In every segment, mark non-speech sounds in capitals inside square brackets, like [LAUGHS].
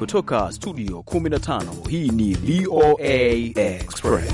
kutoka studio 15 hii ni VOA Express.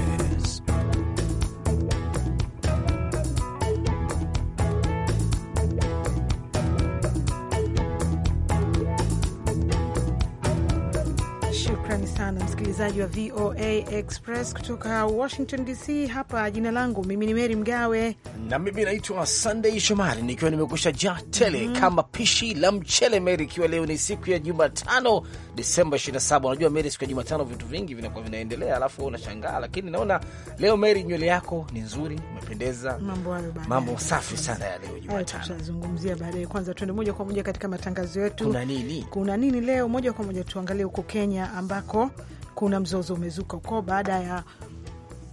Shukrani sana msikilizaji wa VOA Express kutoka Washington DC. Hapa jina langu mimi ni Meri Mgawe na mimi naitwa Sunday Shomari nikiwa nimekusha ja tele mm -hmm. kama pishi la mchele Meri, ikiwa leo ni siku ya Jumatano Desemba 27. Unajua Mary, siku ya Jumatano vitu vingi vinakuwa vinaendelea, alafu unashangaa. Lakini naona leo Mary, nywele yako ni nzuri, umependeza. Mambo safi sana ya leo Jumatano tutazungumzia baadaye. Kwanza tuende moja kwa moja katika matangazo yetu, kuna nini, kuna nini leo. Moja kwa moja tuangalie huko Kenya ambako kuna mzozo umezuka huko baada ya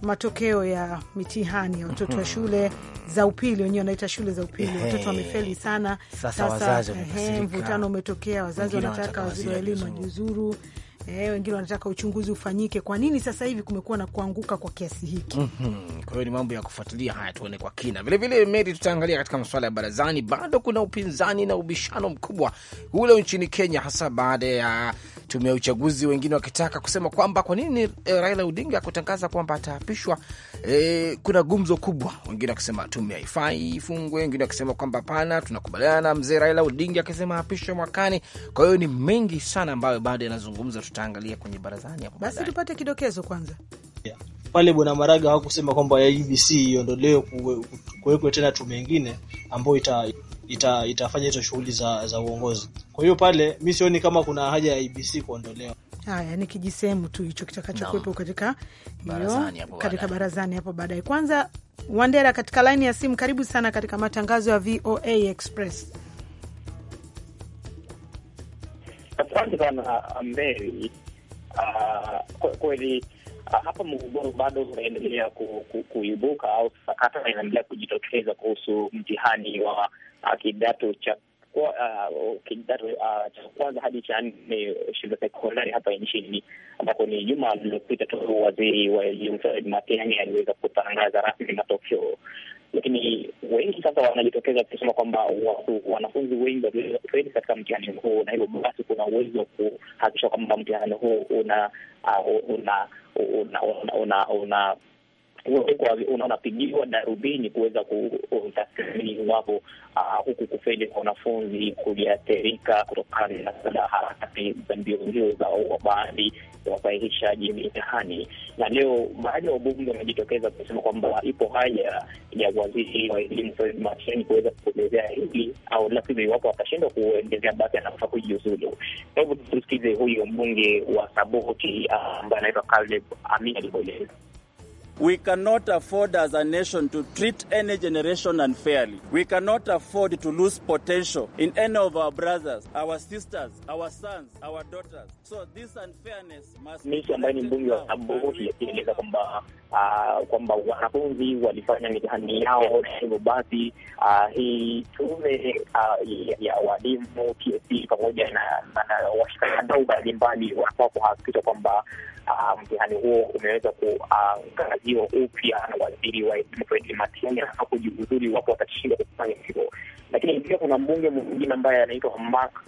matokeo ya mitihani ya watoto wa mhm. shule za upili, wenyewe wanaita shule za upili. Watoto wamefeli sana. Sasa mvutano umetokea, wazazi wanataka waziri wa elimu ajiuzuru E, wengine wanataka uchunguzi ufanyike, kwa nini sasa hivi kumekuwa na kuanguka kwa kiasi hiki? mm -hmm. Kwa hiyo ni mambo ya kufuatilia haya, tuone kwa kina. Vilevile Meri, tutaangalia katika masuala ya barazani, bado kuna upinzani na ubishano mkubwa ule nchini Kenya, hasa baada ya tume ya uchaguzi, wengine wakitaka kusema kwamba kwa nini eh, Raila Odinga kutangaza kwamba ataapishwa. Eh, kuna gumzo kubwa, wengine wakisema tume haifai ifungwe, wengine wakisema kwamba hapana, tunakubaliana na mzee Raila Odinga akisema apishwe mwakani. Kwa hiyo ni mengi sana ambayo bado yanazungumza tutaangalia kwenye barazani hapo basi. Tupate kidokezo kwanza, yeah. Pale Bwana Maraga hawakusema kwamba ya iondolewe kuwekwe tena tume mengine ambayo ita, ita, itafanya hizo shughuli za, za uongozi. Kwa hiyo pale mi sioni kama kuna haja ya IBC kuondolewa. Haya, ni kijisehemu tu hicho kitakachokuwepo no. katika barazani hapo katika barazani hapo baadaye. Kwanza Wandera katika laini ya simu, karibu sana katika matangazo ya VOA Express. Asante sana uh, Mary. Uh, kweli uh, hapa mgogoro bado unaendelea ku, ku, kuibuka au sakata inaendelea kujitokeza kuhusu mtihani wa uh, kidato cha uh, kidato uh, cha kwanza hadi cha nne shule sekondari hapa nchini, ambapo ni juma lililopita tu waziri wa elimu Fred Matiang'i aliweza kutangaza rasmi matokeo lakini wengi sasa wanajitokeza kusema kwamba wanafunzi wengi waliweza katika mtihani huu, na hivyo basi kuna uwezo wa kuhakikisha kwamba mtihani huu una uh, una una huko unaona pigiwa darubini kuweza kutathmini iwapo ah, huku kufeli kwa wanafunzi kuliathirika kutokana na harakati za mbio mbio za baadhi ya wasahihishaji mitihani. Na leo baadhi ya wabunge wamejitokeza kusema kwamba ipo haja ya waziri wa elimu Fred Matiang'i kuweza kuelezea hili, au la sivyo, iwapo atashindwa kuendelea basi anafaa kujiuzulu. Kwa hivyo tusikize huyu mbunge wa Saboti ah, ambaye uh, anaitwa Caleb Amin alivyoeleza. We cannot afford as a nation to treat any generation unfairly. We cannot afford to lose potential in any of our brothers, our sisters, our sons, our daughters. So this unfairness must be ambaye ni mbunge wa Saboti akieleza kwamba ah, kwamba wanafunzi walifanya mitihani yao na hivyo basi ah, hii tume ah, ya walimu TSC pamoja na washikadau mbalimbali wanafaa kuhakikisha kwamba Ah, mtihani huo umeweza kuangaziwa upya na waziri wa elimu Frederick Matiang'i hakujiuzulu iwapo watashindwa kufanya hivyo. Lakini pia kuna mbunge mwingine ambaye anaitwa Mark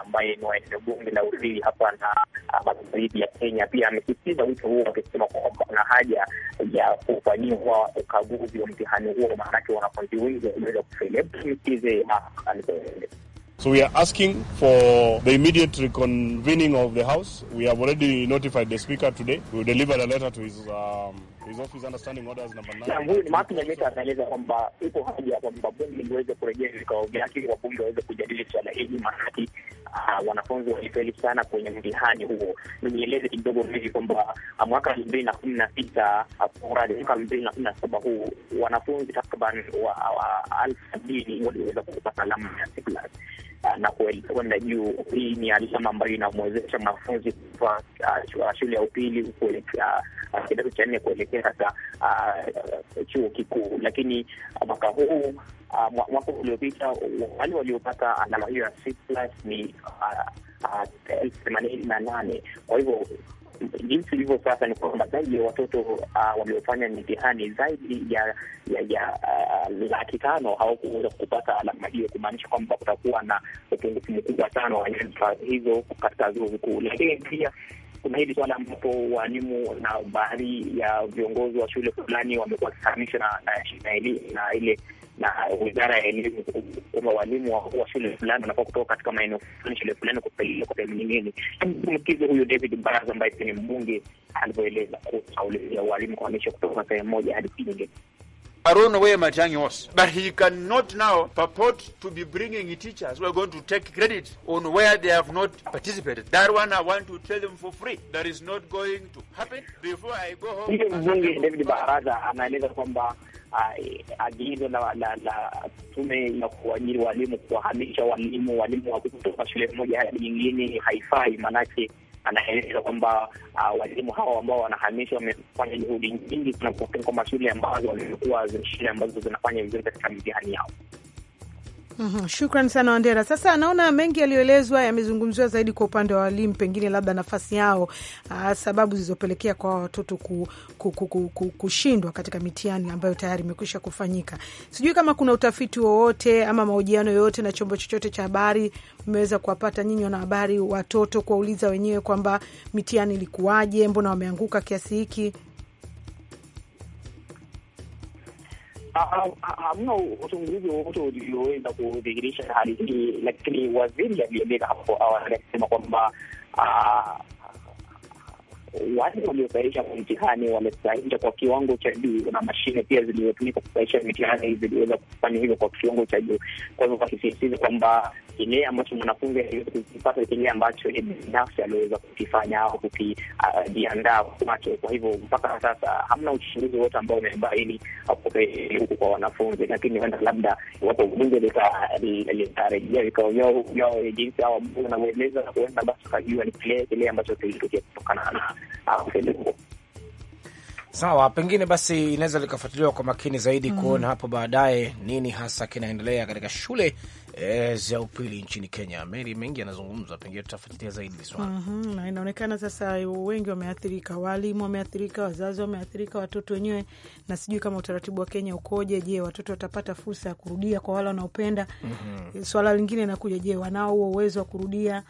ambaye ni wa eneo bunge la uzili hapa na ah, magharibi ya Kenya, pia amesisitiza wito huo akisema kwamba kuna haja ya kufanyiwa ukaguzi wa mtihani huo, maanake wanafunzi wengi wameweza kufeli. Hebu tumsikize Mark alivyoeleza. So we are asking for the immediate reconvening of the House. We have already notified the Speaker today. We delivered a letter to his, um, his office understanding orders number 9. Huyu ni Martin Anyeta anaeleza kwamba iko haja kwamba bunge liweze kurejea vikao vyake, wabunge waweze kujadili swala hili, maanake uh, wanafunzi walifeli sana kwenye mtihani huo. Nieleze kidogo hivi kwamba uh, mwaka elfu mbili na kumi na sita uh, mradi mwaka elfu mbili na kumi na saba huu wanafunzi takriban wa elfu sabini waliweza kupata alama ya C plus na kwenda juu. Hii ni alama ambayo inamwezesha mwanafunzi kwa uh, ah, ah, shule ya upili uh, kidato cha nne kuelekea sasa uh, chuo kikuu. Lakini mwaka huu uh, mwaka uliopita wale waliopata alama hiyo ya C+ ni elfu themanini na nane kwa hivyo jinsi ilivyo sasa ni kwamba zaidi ya watoto uh, waliofanya mitihani zaidi ya ya, ya uh, laki tano hawakuweza kupata alama hiyo, kumaanisha kwamba kutakuwa na upungufu mkubwa sana wa nyadhifa hizo katika vyuo vikuu, lakini pia kuna hili swala ambapo waalimu na baadhi ya viongozi wa shule fulani wamekuwa wakihamisha na, na, na, na ile na wizara ya elimu kwamba walimu wa shule fulani wanafaa kutoka katika maeneo fulani shule fulani kupelekwa sehemu nyingine. Mkizi huyu David Baraza ambaye pia ni mbunge alivyoeleza kusaulizia walimu kuhamisha kutoka sehemu moja hadi nyingine. But he cannot now purport to be bringing teachers who are going to take credit on where they have not participated. That one I want to tell them for free. That is not going to happen. Before I go home. Mbunge David Baraza anaeleza kwamba Ah, eh, agizo la, la, la tume ya kuajiri walimu kuwahamisha walimu walimu wa kutoka shule moja hadi nyingine haifai, maanake anaeleza kwamba uh, walimu hawa ambao wanahamishwa wamefanya juhudi nyingi, tunapokea kwamba shule ambazo wamekuwa shule ambazo zinafanya vizuri katika mitihani yao. Mm -hmm. Shukran sana Wandera. Sasa naona mengi yaliyoelezwa yamezungumziwa zaidi kwa upande wa walimu, pengine labda nafasi yao, uh, sababu zilizopelekea kwa watoto ku, ku, ku, ku, ku, kushindwa katika mitihani ambayo tayari imekwisha kufanyika. Sijui kama kuna utafiti wowote ama mahojiano yoyote na chombo chochote cha habari mmeweza kuwapata nyinyi wanahabari, watoto kuwauliza wenyewe kwamba mitihani ilikuwaje, mbona wameanguka kiasi hiki? hamna uchunguzi wowote ulioweza kudhihirisha hali hii, lakini waziri aliyeleza hapo awali akisema kwamba ah, wale waliosahihisha kwa mtihani wamesahihisha kwa kiwango cha juu, na mashine pia zilizotumika kusahihisha mitihani ziliweza kufanya hivyo kwa kiwango cha juu. Kwa hivyo wakisisitiza kwamba kile ambacho mwanafunzi aliweza kukipata, kile ambacho ni binafsi aliweza kukifanya au kukijiandaa kwake. Kwa hivyo mpaka sasa hamna uchunguzi wote ambao umebaini huku kwa wanafunzi, lakini huenda labda iwapo bunge litarejea vikao vyao vyao jinsi hao wabunge wanavyoeleza, huenda basi ukajua ni kile kile ambacho kilitokea kutokana na Sawa, pengine basi inaweza likafuatiliwa kwa makini zaidi mm, kuona hapo baadaye nini hasa kinaendelea katika shule e, za upili nchini Kenya. Meri mengi yanazungumzwa, pengine tutafuatilia zaidi swala mm -hmm. Na inaonekana sasa wengi wameathirika, waalimu wameathirika, wazazi wameathirika, watoto wenyewe, na sijui kama utaratibu wa Kenya ukoje. Je, watoto watapata fursa ya kurudia kwa wale wanaopenda? mm -hmm. Swala lingine inakuja, je, wanao uwezo wa kurudia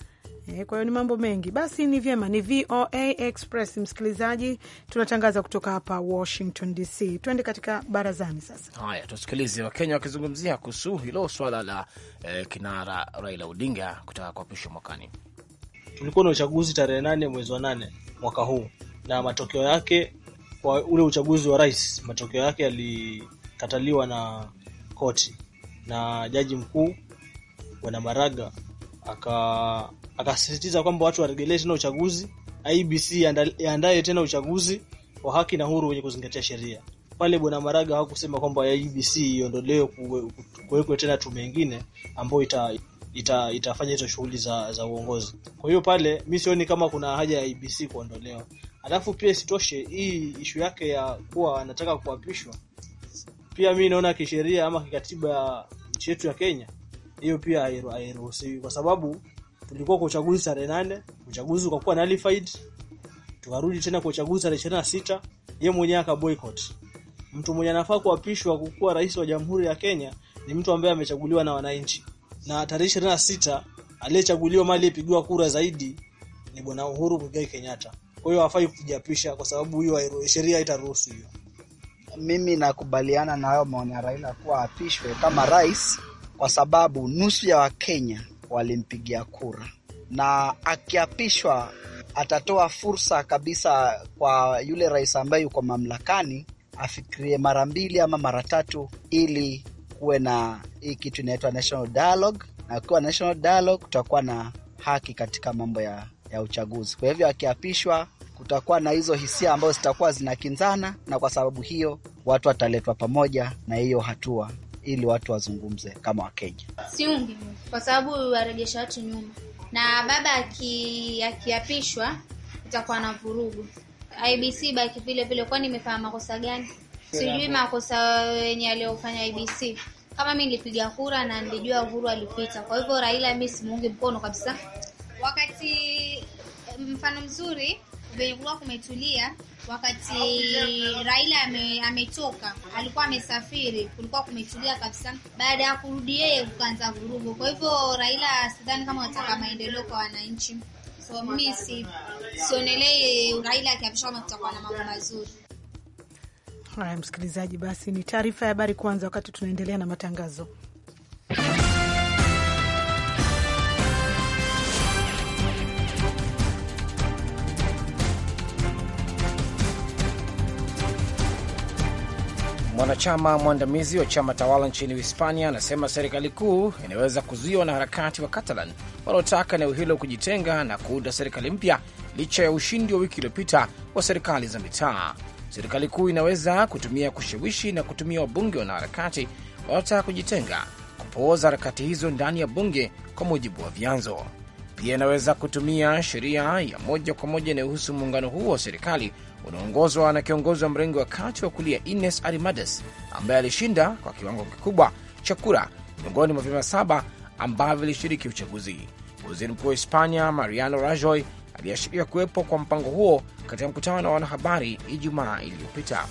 E, kwa hiyo ni mambo mengi. Basi ni vyema, ni VOA Express msikilizaji, tunatangaza kutoka hapa Washington DC. Tuende katika barazani sasa. Haya, tusikilize Wakenya wakizungumzia kuhusu hilo swala la eh, kinara Raila Odinga kutaka kuapishwa mwakani. Tulikuwa na uchaguzi tarehe nane mwezi wa nane mwaka huu, na matokeo yake kwa ule uchaguzi wa rais, matokeo yake yalikataliwa na koti na jaji mkuu Bwana Maraga aka akasisitiza kwamba watu waregelee tena uchaguzi, IBC yaandaye tena uchaguzi wa haki na huru wenye kuzingatia sheria. Pale Bwana Maraga hakusema kwamba IBC iondolewe, kuwekwe tena tume nyingine ambayo ita ita itafanya hizo shughuli za za uongozi. Kwa hiyo pale mi sioni kama kuna haja ya IBC kuondolewa. Alafu pia isitoshe, hii ishu yake ya kuwa anataka kuapishwa, pia mi naona kisheria ama kikatiba ya nchi yetu ya Kenya, hiyo pia hairuhusiwi kwa sababu tulikuwa kwa uchaguzi tarehe nane, uchaguzi ukakuwa nullified, tukarudi tena kwa uchaguzi tarehe ishirini na sita. Ye mwenyewe aka boycott. Mtu mwenye anafaa kuapishwa kukuwa rais wa Jamhuri ya Kenya ni mtu ambaye amechaguliwa na wananchi, na tarehe ishirini na sita aliyechaguliwa mali ipigiwa kura zaidi ni Bwana Uhuru Muigai Kenyatta. Kwa hiyo hafai kujiapisha kwa sababu hiyo sheria haitaruhusu hiyo. Mimi nakubaliana na hayo maoni ya Raila kuwa apishwe kama rais, kwa sababu nusu ya Wakenya walimpigia kura, na akiapishwa atatoa fursa kabisa kwa yule rais ambaye yuko mamlakani afikirie mara mbili ama mara tatu, ili kuwe na hii kitu inaitwa national dialogue, na ukiwa national dialogue kutakuwa na haki katika mambo ya, ya uchaguzi. Kwa hivyo akiapishwa kutakuwa na hizo hisia ambazo zitakuwa zinakinzana, na kwa sababu hiyo watu wataletwa pamoja na hiyo hatua ili watu wazungumze kama Wakenya. Siungi kwa sababu warejesha watu nyuma, na baba akiapishwa aki itakuwa na vurugu. IBC baki vile vile, kwani imefanya makosa gani? Sijui makosa yenye aliyofanya IBC kama mi nilipiga kura na nilijua Uhuru alipita, kwa hivyo Raila mi simuungi mkono kabisa. Wakati mfano mzuri vilikuwa kumetulia eh, wakati Raila ame, ametoka, alikuwa amesafiri, kulikuwa kumetulia kabisa. Baada ya kurudi yeye, kukaanza vurugu. Kwa hivyo Raila sidhani kama wataka maendeleo kwa wananchi, so mimi si, sionelee Raila akiapisha kama kutakuwa na mambo mazuri. Haya msikilizaji, basi ni taarifa ya habari kwanza, wakati tunaendelea na matangazo Mwanachama mwandamizi wa chama tawala nchini Hispania anasema serikali kuu inaweza kuzuia wanaharakati wa Catalan wanaotaka eneo hilo kujitenga na kuunda serikali mpya licha ya ushindi wa wiki iliyopita wa serikali za mitaa. Serikali kuu inaweza kutumia kushawishi na kutumia wabunge wanaharakati wanaotaka kujitenga kupooza harakati hizo ndani ya bunge, kwa mujibu wa vyanzo. Pia inaweza kutumia sheria ya moja kwa moja inayohusu muungano huo wa serikali unaongozwa na kiongozi wa mrengo wa kati wa kulia Ines arimades ambaye alishinda kwa kiwango kikubwa cha kura miongoni mwa vyama saba ambavyo vilishiriki uchaguzi. Waziri mkuu wa Hispania Mariano Rajoy aliashiria kuwepo kwa mpango huo katika mkutano wa wanahabari Ijumaa iliyopita.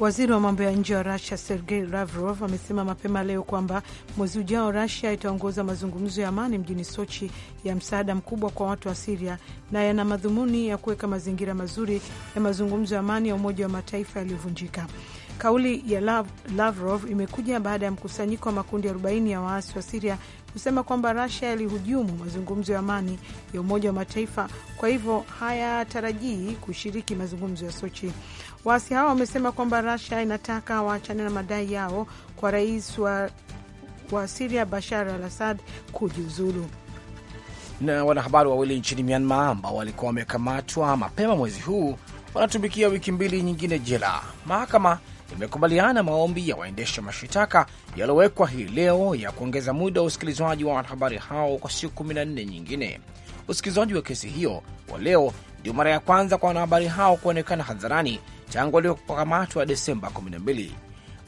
Waziri wa mambo ya nje wa Rusia Sergei Lavrov amesema mapema leo kwamba mwezi ujao Rusia itaongoza mazungumzo ya amani mjini Sochi ya msaada mkubwa kwa watu wa Siria na yana madhumuni ya kuweka mazingira mazuri ya mazungumzo ya amani ya Umoja wa Mataifa yaliyovunjika. Kauli ya Lavrov imekuja baada ya mkusanyiko wa makundi 40 ya waasi wa Siria kusema kwamba Rusia yalihujumu mazungumzo ya amani ya Umoja wa Mataifa, kwa hivyo hayatarajii kushiriki mazungumzo ya Sochi. Waasi hao wamesema kwamba rasia inataka waachane na madai yao kwa rais wa, wa Siria Bashar al Assad kujiuzulu. Na wanahabari wawili nchini Myanmar ambao walikuwa wamekamatwa mapema mwezi huu wanatumikia wiki mbili nyingine jela. Mahakama imekubaliana maombi ya waendesha mashitaka yaliyowekwa hii leo ya kuongeza muda wa usikilizwaji wa wanahabari hao kwa siku 14 nyingine. Usikilizwaji wa kesi hiyo wa leo ndio mara ya kwanza kwa wanahabari hao kuonekana hadharani tangu waliokamatwa Desemba 12.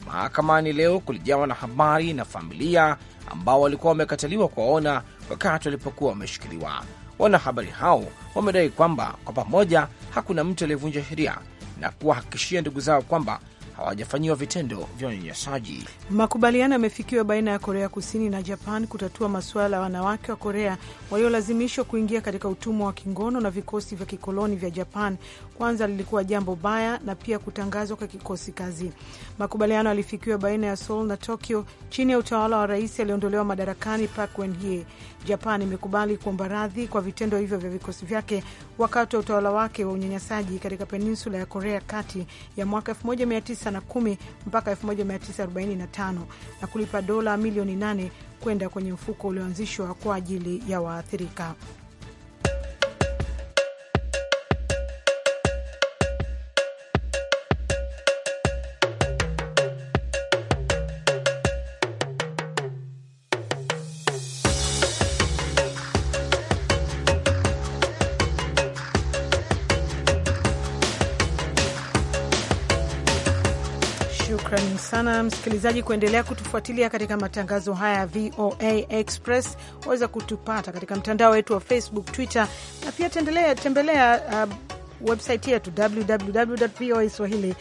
Mahakamani leo kulijawa na habari na familia ambao walikuwa wamekataliwa kuwaona wakati walipokuwa wameshikiliwa. Wanahabari hao wamedai kwamba kwa pamoja hakuna mtu aliyevunja sheria na kuwahakikishia ndugu zao kwamba hawajafanyiwa vitendo vya unyanyasaji. Makubaliano yamefikiwa baina ya Korea Kusini na Japan kutatua masuala ya wanawake wa Korea waliolazimishwa kuingia katika utumwa wa kingono na vikosi vya kikoloni vya Japan kwanza lilikuwa jambo baya na pia kutangazwa kwa kikosi kazi. Makubaliano yalifikiwa baina ya Seoul na Tokyo chini ya utawala wa rais aliyeondolewa madarakani Park Geun-hye. Japan imekubali kuomba radhi kwa vitendo hivyo vya vikosi vyake wakati wa utawala wake wa unyanyasaji katika peninsula ya Korea kati ya mwaka 1910 mpaka 1945 na kulipa dola milioni 8 kwenda kwenye mfuko ulioanzishwa kwa ajili ya waathirika. sana msikilizaji kuendelea kutufuatilia katika matangazo haya ya VOA Express. Waweza kutupata katika mtandao wetu wa Facebook, Twitter na pia tembelea, tembelea uh, website yetu swahili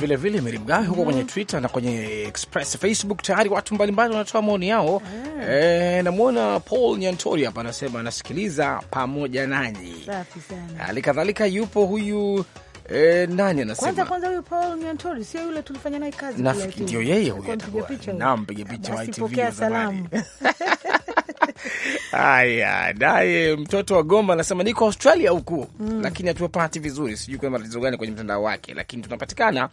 Vilevile Mirimgawe huko mm kwenye mm-hmm. Twitter na kwenye Express Facebook tayari watu mbalimbali wanatoa maoni yao yeah. E, namwona Paul Nyantori hapa anasema anasikiliza pamoja nanyi. Hali kadhalika yupo huyu E, nani anasema kwanza kwanza, huyu Paul Nyantori sio yule tulifanya naye kazi, nafikiri ndio yeye huyo, naam, mpiga picha wa ITV ya zamani. [LAUGHS] Aya, naye mtoto wa Goma anasema niko Australia huku mm, lakini hatupati vizuri, sijui kuna matatizo gani kwenye mtandao wake, lakini tunapatikana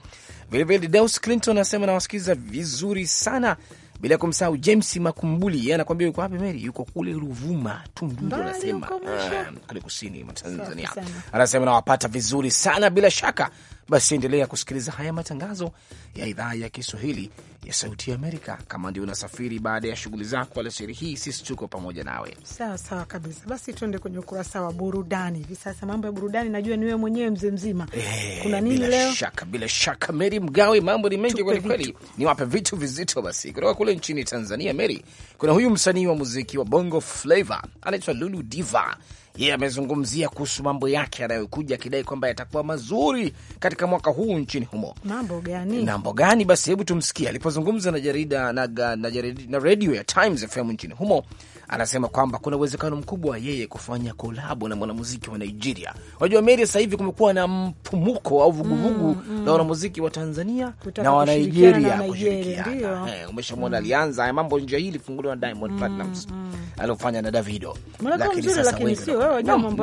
vilevile. Deus Clinton anasema nawasikiliza vizuri sana bila kumsahau James Makumbuli, yeye anakuambia yuko wapi Meri? Yuko kule Ruvuma, Tunduru, anasema ah, kule kusini mwa Tanzania, anasema nawapata vizuri sana bila shaka basi endelea kusikiliza haya matangazo ya idhaa ya Kiswahili ya Sauti ya Amerika. Kama ndio unasafiri baada ya shughuli zako alasiri hii, sisi tuko pamoja nawe. Sawa sawa kabisa. Basi tuende kwenye ukurasa wa burudani hivi sasa. Mambo ya burudani najua ni wewe mwenyewe mzee mzima. Hey, eh, kuna nini bila leo? Shaka, bila shaka Meri Mgawe, mambo ni mengi kweli kweli. Niwape vitu vizito basi kutoka kule nchini Tanzania. Meri, kuna huyu msanii wa muziki wa bongo flava anaitwa Lulu Diva yeye amezungumzia kuhusu mambo yake yanayokuja akidai kwamba yatakuwa mazuri katika mwaka huu nchini humo. Mambo gani? Mambo gani? Basi hebu tumsikie alipozungumza na jarida na, na, na, na redio ya Times FM nchini humo anasema kwamba kuna uwezekano mkubwa yeye kufanya kolabo na mwanamuziki wa Nigeria. Unajua Meri, sasa hivi kumekuwa na mpumuko au vuguvugu mm, mm, la wanamuziki wa Tanzania Kutaka na wa Nigeria kushirikiana. Eh, umeshamwona alianza haya mambo njia hii ilifunguliwa na Diamond mm, Platnumz mm, alofanya na Davido, lakini sasa wewe ni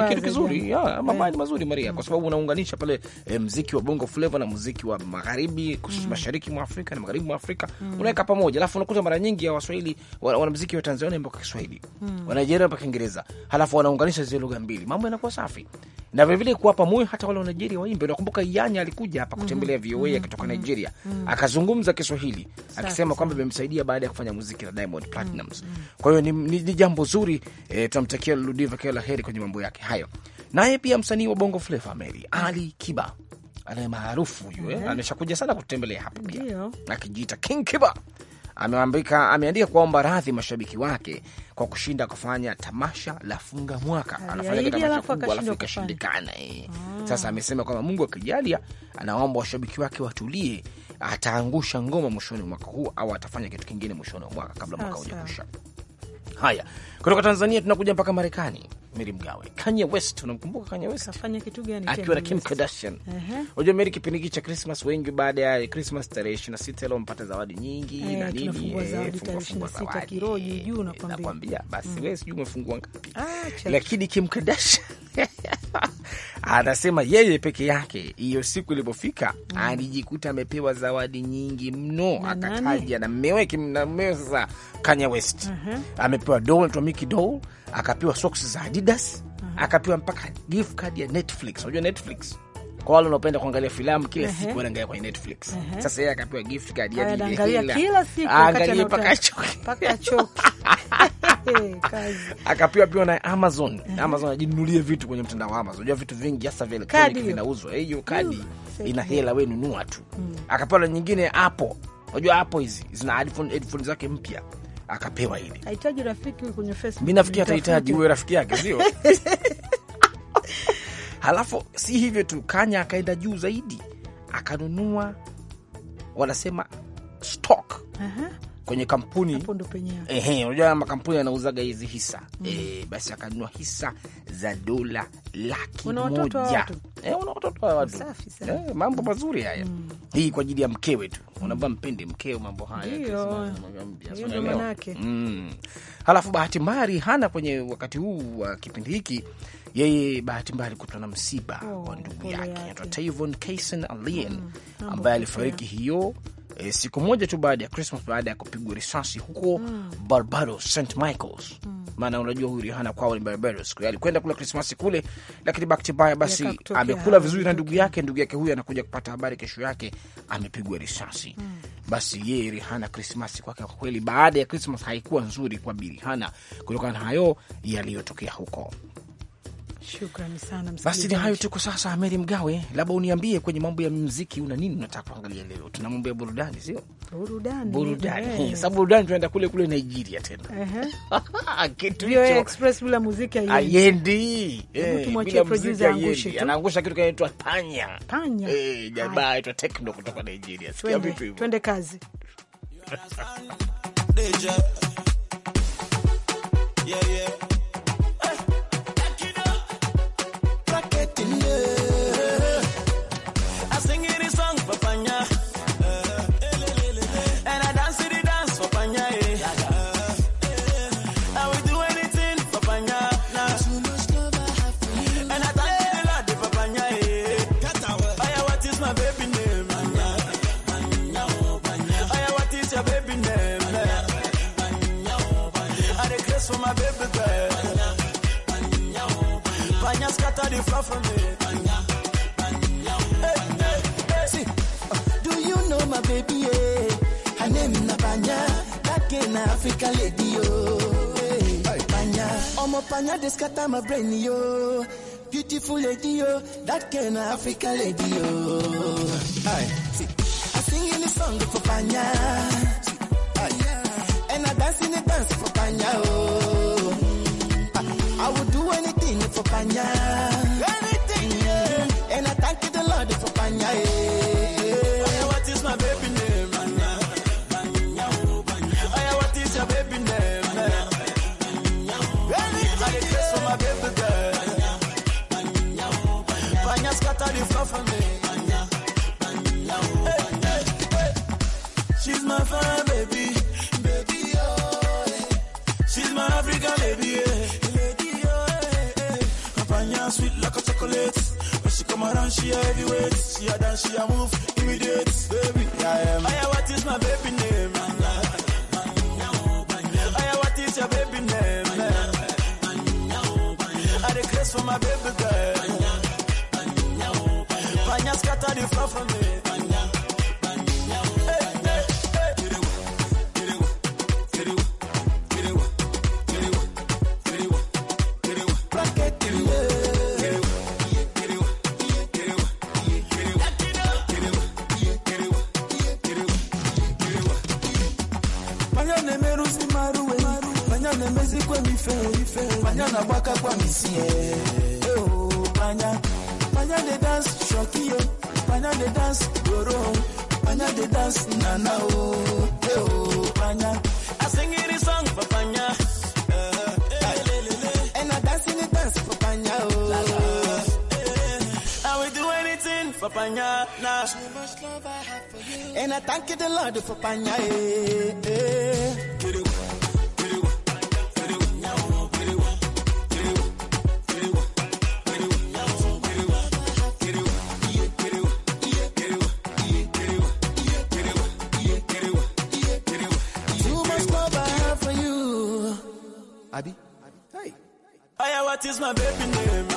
kitu kizuri, mambo ni mm. mazuri Maria, kwa sababu unaunganisha pale eh, mziki wa Bongo Flava na muziki wa magharibi mm, mashariki mwa Afrika na magharibi mwa Afrika mm, unaweka pamoja, alafu unakuta mara nyingi ya Waswahili wanamuziki wa Tanzania ambao Kiswahili mbili mm. wa Nigeria Kiingereza, halafu wanaunganisha zile lugha mbili, mambo yanakuwa safi na vilevile kuwapa moyo hata wale wa waimbe. Nakumbuka Yanya alikuja hapa kutembelea mm -hmm. VOA mm -hmm. Nigeria mm -hmm. akazungumza Kiswahili akisema kwamba imemsaidia baada ya kufanya muziki na Diamond Platnumz mm -hmm. kwa hiyo ni, ni, ni jambo zuri e, tunamtakia Ludiva kila la heri kwenye mambo yake hayo. Naye pia msanii wa Bongo Flava Mary Ali Kiba anaye maarufu huyu eh. -hmm. ameshakuja sana kutembelea hapa pia akijiita King Kiba ameandika kwamba radhi mashabiki wake kwa kushinda kufanya tamasha la funga mwaka, anafanya tamasha kubwa alafu ikashindikana. Eh. Ah. Sasa amesema kwamba Mungu akijalia, wa washabiki wake watulie, ataangusha ngoma mwishoni wa mwaka huu au atafanya kitu kingine mwishoni wa mwaka kabla mwaka hujakwisha. Haya, kutoka Tanzania tunakuja mpaka Marekani. Meri Mgawe. Kanye West, unamkumbuka Kanye West afanya kitu gani akiwa na Kim Kardashian? Unajua Meri, kipindi hiki cha Christmas wengi baada ya Christmas tarehe ishirini na sita leo mpata zawadi nyingi eh, na nini, eh, nakwambia basi mm. Wewe sijui umefungua ngapi, lakini Kim Kardashian [LAUGHS] anasema yeye peke yake hiyo siku ilipofika, mm. alijikuta amepewa zawadi nyingi mno, akataja na mmewe mmewe sasa Kanye West uh -huh. amepewa doll, tumiki doll akapewa socks za Adidas, akapewa mpaka gift card ya Netflix. Unajua Netflix kwa wale wanaopenda kuangalia filamu kila uh -huh. siku wanaangalia kwenye Netflix. uh -huh. Sasa yeye akapewa gift card ya kila siku, angalia mpaka achoke, mpaka achoke. [LAUGHS] akapewa pia na Amazon. uh -huh. Amazon ajinunulie vitu kwenye mtandao wa Amazon. Unajua vitu vingi hasa vile electronic vinauzwa, eh, hiyo kadi ina hela, wewe nunua tu. Mm. Akapewa na nyingine hapo, unajua hapo hizi zina headphone zake mpya akapewa hili. Hahitaji rafiki kwenye Facebook. Mimi nafikiri atahitaji uwe rafiki yake, sio? [LAUGHS] Halafu si hivyo tu, Kanya akaenda juu zaidi, akanunua wanasema stock kwenye kampuni Ehe, unajua makampuni yanauzaga hizi hisa mm. E, basi akanunua hisa za dola laki moja. Eh, una watoto wa watu eh, mambo mazuri haya mm. Hii kwa ajili ya mkewe tu, unavaa mpende mkeo, mambo haya mm. Halafu bahati mbaya hana kwenye wakati huu wa kipindi hiki yeye bahati mbaya alikutwa na msiba oh, wa ndugu yake anaitwa Tavon Kasen Alien mm. ambaye alifariki hiyo e, siku moja tu baada ya Christmas baada ya kupigwa risasi huko mm. Barbados St Michaels mm. maana unajua huyu Rihanna kwao ni Barbados, alikwenda kula Krismasi kule, lakini bahati mbaya basi amekula vizuri na ndugu yake. Ndugu yake huyu anakuja kupata habari kesho yake amepigwa risasi mm. Basi yeye rihana Krismasi kwake kwa kweli, baada ya Krismas haikuwa nzuri kwa Birihana kutokana na hayo yaliyotokea huko. Shukrani sana Basi ni hayo tu kwa sasa. Ameri Mgawe, labda uniambie kwenye mambo ya muziki, una nini unataka kuangalia leo? Tuna mambo ya burudani, sio burudani? Burudani eh. sababu burudani tunaenda kule kule Nigeria tena [LAUGHS] kitu eh, hicho express bila muziki haiendi. Eh, tumwachie producer angushe tu, anaangusha kitu kinaitwa panya panya, eh, jamaa aitwa techno kutoka Nigeria. Sikia vitu hivyo, twende kazi. Yeah, yeah. back en Africa, lady. Oh. ¡Ay! Thank you, the Lord, for Panya. Abby? Hey. Hey. what is my baby name?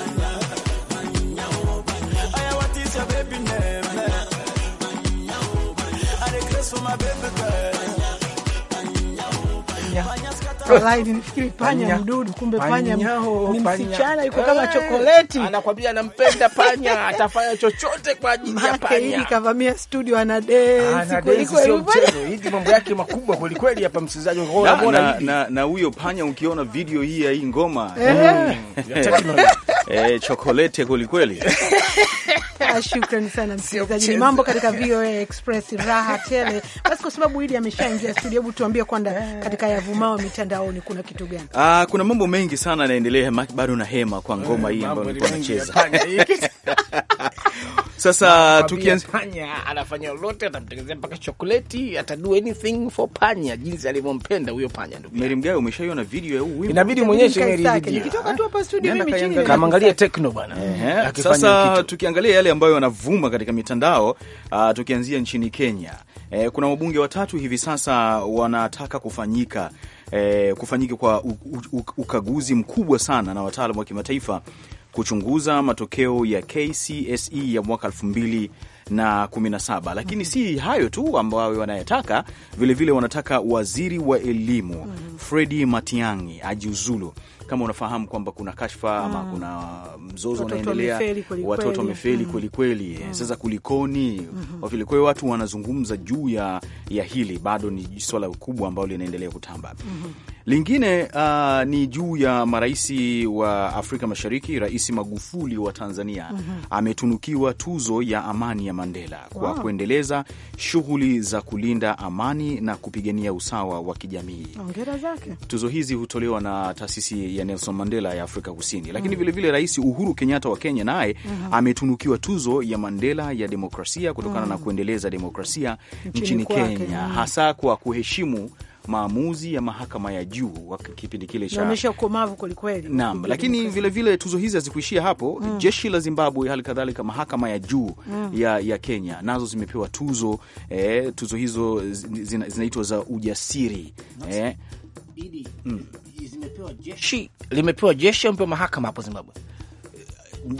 Nifikiri panya mdudu, kumbe panya ni msichana, yuko kama chokoleti, anakwambia anampenda panya, atafanya chochote kwa ajili ya panya. Hili kavamia studio, ana hizi mambo yake makubwa kweli kweli hapa, msikilizaji, na huyo panya, ukiona video hii ya hii ngoma [LAUGHS] eh, chokolete kwelikweli. [LAUGHS] Ah, shukran sana msikilizaji, ni mambo katika VOA Express raha tele. Basi kwa sababu Idi ameshaingia studio, hebu tuambie kwanda katika yavumao mitandaoni kuna kitu gani? Ah, kuna mambo mengi sana yanaendelea, bado na hema kwa ngoma hii ambayo nilikuwa nacheza [LAUGHS] Sasa tukianza panya anafanya lolote, atamtengenezea mpaka chokoleti, atadu anything for panya, jinsi alivyompenda huyo panya. Ndugu Meri Mgawe, umeshaiona video ya huu Inabidi mwenyeshe Meri video, nikitoka tu hapa studio mimi chini kama angalia techno bana. Sasa tukiangalia yale ambayo yanavuma katika mitandao uh, tukianzia nchini Kenya eh, kuna wabunge watatu hivi sasa wanataka kufanyika eh, kufanyika kwa u, u, u, ukaguzi mkubwa sana na wataalamu wa kimataifa kuchunguza matokeo ya KCSE ya mwaka 2017, lakini mm -hmm. si hayo tu ambayo wanayataka, vilevile wanataka waziri wa elimu mm -hmm. Fredi Matiang'i ajiuzulu kama unafahamu kwamba kuna kashfa ama ah. kuna mzozo unaendelea, watoto wamefeli kwelikweli. Mm. Mm. Sasa kulikoni? mm -hmm. Kwa watu wanazungumza juu ya, ya hili, bado ni swala kubwa ambalo linaendelea kutamba. mm -hmm. Lingine uh, ni juu ya maraisi wa Afrika Mashariki. Rais Magufuli wa Tanzania mm -hmm. ametunukiwa tuzo ya amani ya Mandela kwa wow. kuendeleza shughuli za kulinda amani na kupigania usawa wa kijamii. Tuzo hizi hutolewa na taasisi ya Nelson Mandela ya Afrika Kusini, lakini mm. vile Rais Uhuru Kenyatta wa Kenya naye mm -hmm. ametunukiwa tuzo ya Mandela ya demokrasia kutokana mm. na kuendeleza demokrasia nchini, nchini Kenya kwake, mm. hasa kwa kuheshimu maamuzi ya mahakama ya juu wa kipindi kile cha ukomavu kwelikweli. Naam, lakini vilevile vile tuzo hizi hazikuishia hapo mm. jeshi la Zimbabwe, hali kadhalika mahakama ya juu mm. ya, ya Kenya nazo zimepewa tuzo eh, tuzo hizo zinaitwa za ujasiri eh. mm jeshi limepewa jeshi au limepewa mahakama hapo Zimbabwe?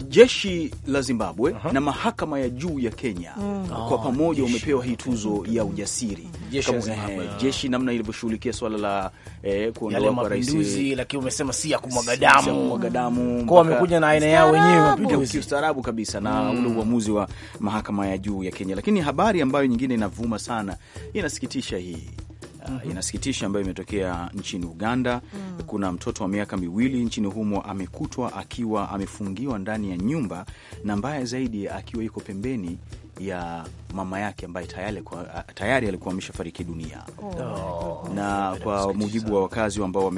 Jeshi la Zimbabwe uh -huh. na mahakama ya juu ya Kenya mm. kwa ah, pamoja wamepewa hii tuzo ya ujasiri jeshi, Kamu, eh, jeshi namna ilivyoshughulikia swala la eh, kuondoa kwa rais, eh, lakini umesema si ya kumwaga damu, kwa wamekuja na aina yao wenyewe kiustaarabu kabisa na mm. ule uamuzi wa mahakama ya juu ya Kenya. Lakini habari ambayo nyingine inavuma sana, inasikitisha hii mm -hmm. inasikitisha ambayo imetokea nchini Uganda mm. Kuna mtoto wa miaka miwili nchini humo amekutwa akiwa amefungiwa ndani ya nyumba, na mbaya zaidi akiwa yuko pembeni ya mama yake ambaye tayari alikuwa ameshafariki dunia. Oh, oh. na kwa mujibu wa wakazi ambao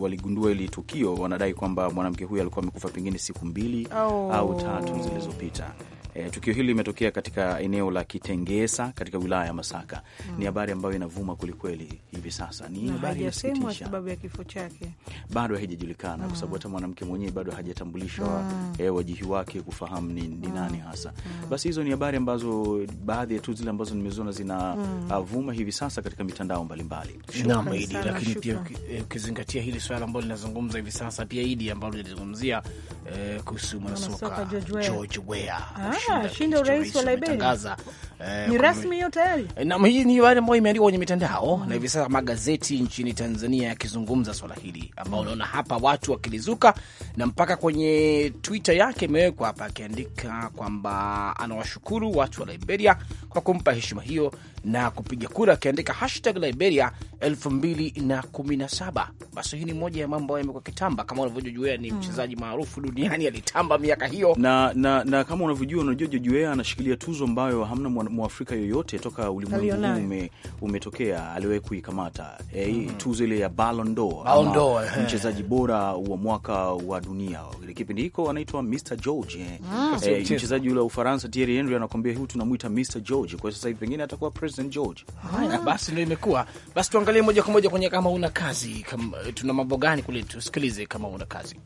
waligundua wali hili tukio, wanadai kwamba mwanamke huyu alikuwa amekufa pengine siku mbili oh, au tatu zilizopita. E, tukio hili limetokea katika eneo la Kitengesa katika wilaya ya Masaka. Mm. Ni habari ambayo inavuma kwelikweli hivi sasa, ni habari inasemwa. Sababu ya kifo chake bado haijajulikana, mm, kwa sababu hata mwanamke mwenyewe bado hajatambulishwa mm, e, wajihi wake kufahamu ni, ni mm, nani hasa. Mm. Basi hizo ni habari ambazo baadhi ya tu zile ambazo nimeziona zinavuma mm, uh, hivi sasa katika mitandao mbalimbali. Naam, Idi, lakini pia e, ukizingatia hili swala ambalo linazungumza hivi sasa, pia Idi ambalo linazungumzia eh, kuhusu mwanasoka George Weah ah, mshinda urais wa Liberia, tangaza Eh, ni rasmi hiyo tayari. Eh, naam, hii ni wale ambayo imeandikwa kwenye mitandao mm. na hivi sasa magazeti nchini Tanzania yakizungumza swala hili ambao mm. unaona hapa watu wakilizuka, na mpaka kwenye Twitter yake imewekwa hapa akiandika kwamba anawashukuru watu wa Liberia kwa kumpa heshima hiyo na kupiga kura, akiandika hashtag Liberia 2017. Basi hii ni moja ya mambo ambayo yamekuwa kitamba, kama unavyojua ni mm. mchezaji maarufu duniani, alitamba miaka hiyo na, na, na kama unavyojua unajua Joe anashikilia tuzo ambayo hamna mwafrika yoyote toka ulimwengu ume, umetokea aliwahi kuikamata e, mm -hmm. tuzo ile ya Ballon d'Or, eh. mchezaji bora wa mwaka wa dunia kipindi hiko anaitwa Mr George mm. e, mchezaji ule wa Ufaransa Thierry Henry anakuambia huyu tunamwita Mr George kwa sasa hivi, pengine atakuwa President George. Haya basi, ndio imekuwa basi. Tuangalie moja kwa moja kwenye kama una kazi kama, eh, tuna mambo gani kule, tusikilize kama una kazi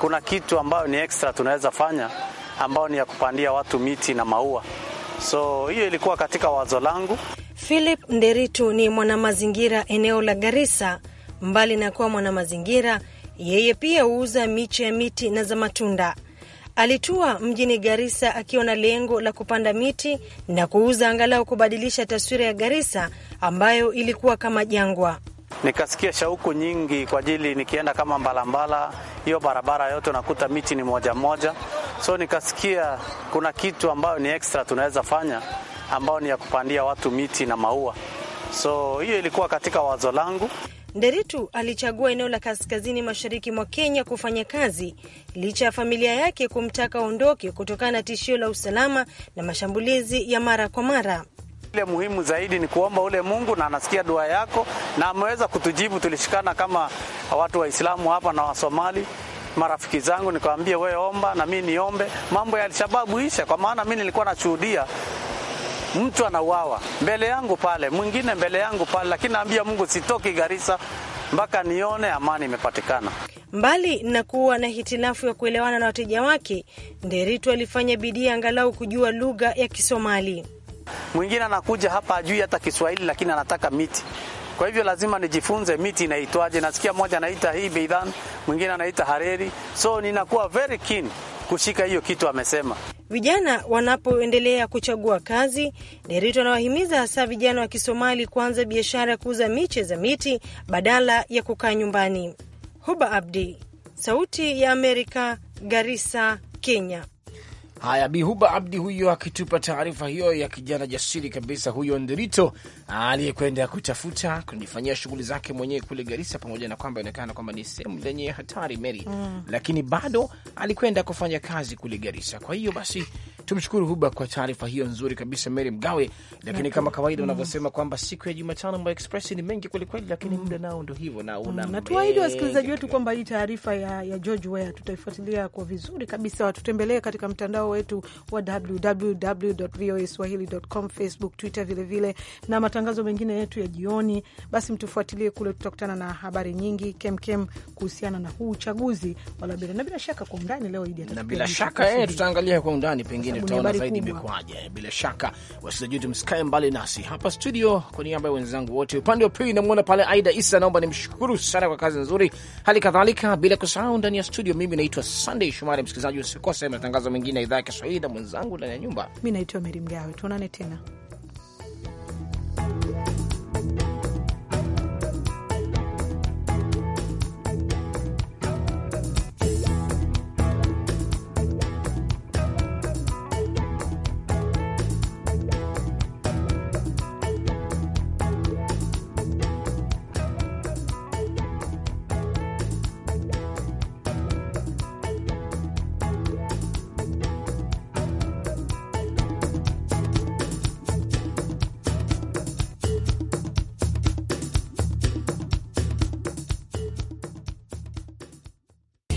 kuna kitu ambayo ni extra tunaweza fanya ambayo ni ya kupandia watu miti na maua So hiyo ilikuwa katika wazo langu. Philip Nderitu ni mwanamazingira eneo la Garissa. Mbali na kuwa mwanamazingira, yeye pia huuza miche ya miti na za matunda. Alitua mjini Garissa akiwa na lengo la kupanda miti na kuuza, angalau kubadilisha taswira ya Garissa ambayo ilikuwa kama jangwa. Nikasikia shauku nyingi kwa ajili, nikienda kama Mbalambala, hiyo barabara yote unakuta miti ni moja moja, so nikasikia kuna kitu ambayo ni extra tunaweza fanya, ambayo ni ya kupandia watu miti na maua, so hiyo ilikuwa katika wazo langu. Nderitu alichagua eneo la kaskazini mashariki mwa Kenya kufanya kazi licha ya familia yake kumtaka aondoke kutokana na tishio la usalama na mashambulizi ya mara kwa mara. Ile muhimu zaidi ni kuomba ule Mungu na anasikia dua yako na ameweza kutujibu. Tulishikana kama watu Waislamu hapa na Wasomali marafiki zangu, nikawambia wewe omba na mimi niombe, mambo ya Alshababu isha, kwa maana mimi nilikuwa nashuhudia mtu anauawa mbele yangu pale, mwingine mbele yangu pale, lakini naambia Mungu sitoki Garissa mpaka nione amani imepatikana. Mbali na kuwa na hitilafu ya kuelewana na wateja wake, Nderitu alifanya bidii angalau kujua lugha ya Kisomali. Mwingine anakuja hapa ajui hata Kiswahili, lakini anataka miti. Kwa hivyo lazima nijifunze miti inaitwaje. Nasikia mmoja anaita hii beidhan, mwingine anaita hareri, so ninakuwa very keen kushika hiyo kitu amesema. Vijana wanapoendelea kuchagua kazi, Derito anawahimiza hasa vijana wa Kisomali kuanza biashara ya kuuza miche za miti badala ya kukaa nyumbani. Huba Abdi, Sauti ya Amerika, Garissa, Kenya. Haya, Bihuba Abdi huyo akitupa taarifa hiyo ya kijana jasiri kabisa huyo Ndirito aliyekwenda kutafuta kujifanyia shughuli zake mwenyewe kule Garisa, pamoja na kwamba inaonekana kwamba ni sehemu lenye hatari Meri mm, lakini bado alikwenda kufanya kazi kule Garisa. Kwa hiyo basi tumshukuru Huba kwa taarifa hiyo nzuri kabisa Meri Mgawe. Lakini kama kawaida mm. unavyosema kwamba siku ya Jumatano mbayo Express ni mengi kwelikweli, lakini mm. muda nao ndo hivyo na una mm, na tuwaahidi wasikilizaji wetu kwamba hii taarifa ya, ya George Weah tutaifuatilia kwa vizuri kabisa, watutembelee katika mtandao mtandao wetu wa www.voaswahili.com, Facebook, Twitter vilevile vile, na matangazo mengine yetu ya jioni. Basi mtufuatilie kule, tutakutana na habari nyingi kemkem kuhusiana na huu uchaguzi wa bila na bila shaka kwa undani leo Idi, na bila shaka eh, tutaangalia kwa undani, pengine tutaona zaidi imekwaje. Bila shaka wasikilizaji wetu, msikae mbali nasi hapa studio. Kwa niaba ya wenzangu wote upande wa pili namwona pale Aida Isa, naomba nimshukuru sana kwa kazi nzuri, hali kadhalika bila kusahau ndani ya studio, mimi naitwa Sunday Shumari. Msikilizaji usikose matangazo mengine ya idhaa ya Kiswahili na mwenzangu ndani ya nyumba. Mi naitwa Meri Mgawe, tuonane tena.